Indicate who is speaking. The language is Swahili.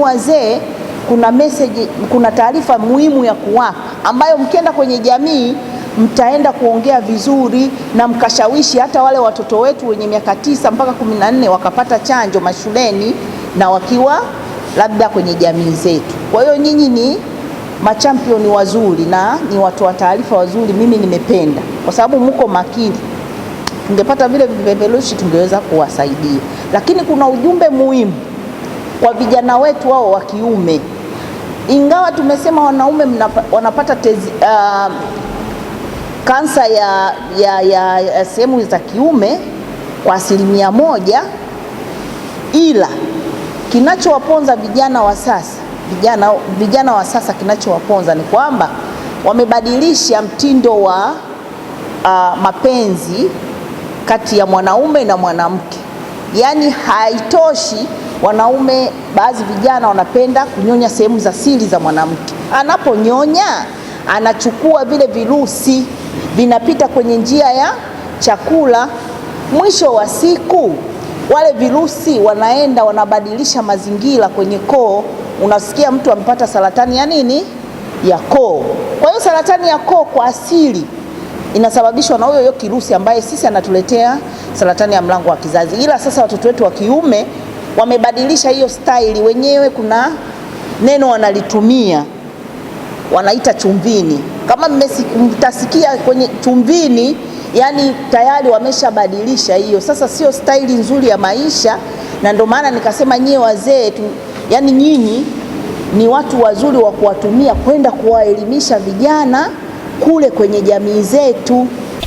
Speaker 1: wazee, kuna message, kuna taarifa muhimu ya kuwapa ambayo mkienda kwenye jamii mtaenda kuongea vizuri na mkashawishi hata wale watoto wetu wenye miaka tisa mpaka kumi na nne wakapata chanjo mashuleni na wakiwa labda kwenye jamii zetu. Kwa hiyo nyinyi ni machampioni wazuri na ni watu wa taarifa wazuri. Mimi nimependa kwa sababu mko makini. Tungepata vile vipeperushi tungeweza kuwasaidia, lakini kuna ujumbe muhimu kwa vijana wetu wao wa kiume, ingawa tumesema wanaume wanapata tezi, uh, kansa ya, ya, ya, ya sehemu za kiume kwa asilimia moja, ila kinachowaponza vijana wa sasa vijana, vijana wa sasa kinachowaponza ni kwamba wamebadilisha mtindo wa uh, mapenzi kati ya mwanaume na mwanamke, yaani haitoshi wanaume, baadhi vijana wanapenda kunyonya sehemu za siri za mwanamke. Anaponyonya anachukua vile virusi, vinapita kwenye njia ya chakula. Mwisho wa siku wale virusi wanaenda wanabadilisha mazingira kwenye koo. Unasikia mtu amepata saratani ya nini? Ya koo. Kwa hiyo saratani ya koo kwa asili inasababishwa na huyo hiyo kirusi ambaye sisi anatuletea saratani ya mlango wa kizazi, ila sasa watoto wetu wa kiume wamebadilisha hiyo staili wenyewe. Kuna neno wanalitumia wanaita chumvini. Kama mtasikia kwenye chumvini, yani tayari wameshabadilisha hiyo. Sasa sio staili nzuri ya maisha, na ndio maana nikasema nyie wazee tu, yani nyinyi ni watu wazuri wa kuwatumia kwenda kuwaelimisha vijana kule kwenye jamii zetu.